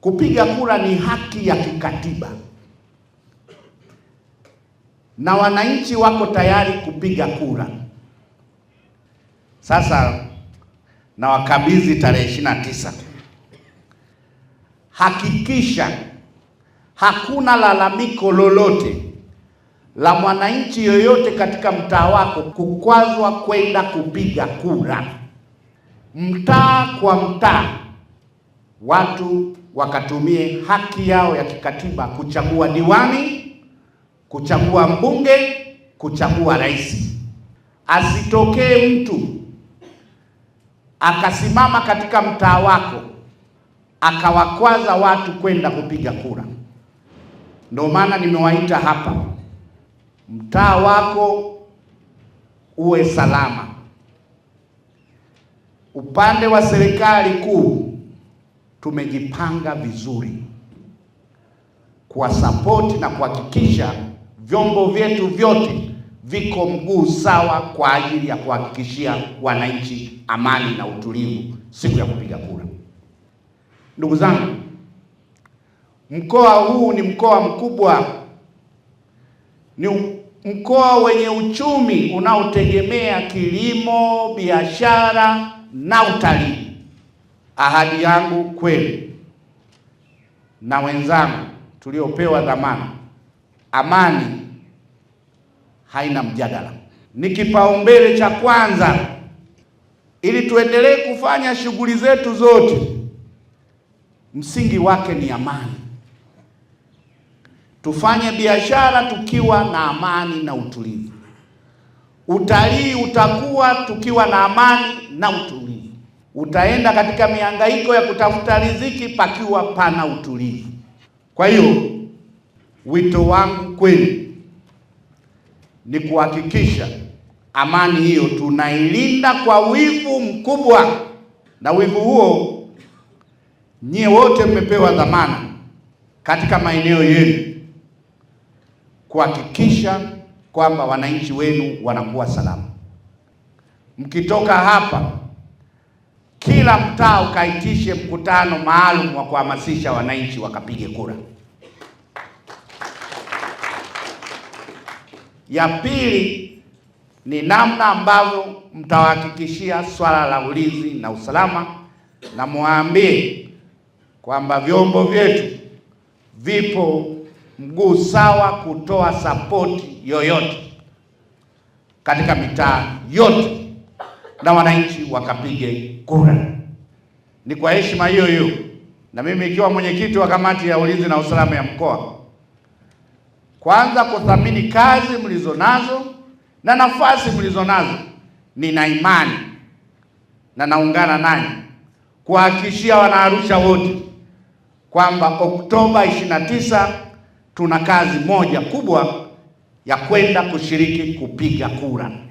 Kupiga kura ni haki ya kikatiba na wananchi wako tayari kupiga kura. Sasa na wakabidhi tarehe 29 Hakikisha hakuna lalamiko lolote la mwananchi yoyote katika mtaa wako kukwazwa kwenda kupiga kura, mtaa kwa mtaa watu wakatumie haki yao ya kikatiba kuchagua diwani, kuchagua mbunge, kuchagua rais. Asitokee mtu akasimama katika mtaa wako akawakwaza watu kwenda kupiga kura. Ndio maana nimewaita hapa, mtaa wako uwe salama. Upande wa serikali kuu tumejipanga vizuri kuwasapoti na kuhakikisha vyombo vyetu vyote viko mguu sawa kwa ajili ya kuhakikishia wananchi amani na utulivu siku ya kupiga kura. Ndugu zangu, mkoa huu ni mkoa mkubwa, ni mkoa wenye uchumi unaotegemea kilimo, biashara na utalii. Ahadi yangu kweli na wenzangu tuliopewa dhamana, amani haina mjadala, ni kipaumbele cha kwanza ili tuendelee kufanya shughuli zetu zote. Msingi wake ni amani. Tufanye biashara tukiwa na amani na utulivu, utalii utakuwa tukiwa na amani na utulivu utaenda katika mihangaiko ya kutafuta riziki pakiwa pana utulivu. Kwa hiyo wito wangu kweli ni kuhakikisha amani hiyo tunailinda kwa wivu mkubwa, na wivu huo nyie wote mmepewa dhamana katika maeneo yenu kuhakikisha kwamba wananchi wenu wanakuwa salama mkitoka hapa kila mtaa ukaitishe mkutano maalum wa kuhamasisha wananchi wakapige kura. Ya pili ni namna ambavyo mtawahakikishia swala la ulinzi na usalama, na mwaambie kwamba vyombo vyetu vipo mguu sawa kutoa sapoti yoyote katika mitaa yote na wananchi wakapige kura. Ni kwa heshima hiyo hiyo na mimi ikiwa mwenyekiti wa kamati ya ulinzi na usalama ya mkoa, kwanza kuthamini kazi mlizo nazo na nafasi mlizo nazo nina imani na naungana nanyi kuhakikishia wanaarusha wote kwamba Oktoba 29 tuna kazi moja kubwa ya kwenda kushiriki kupiga kura.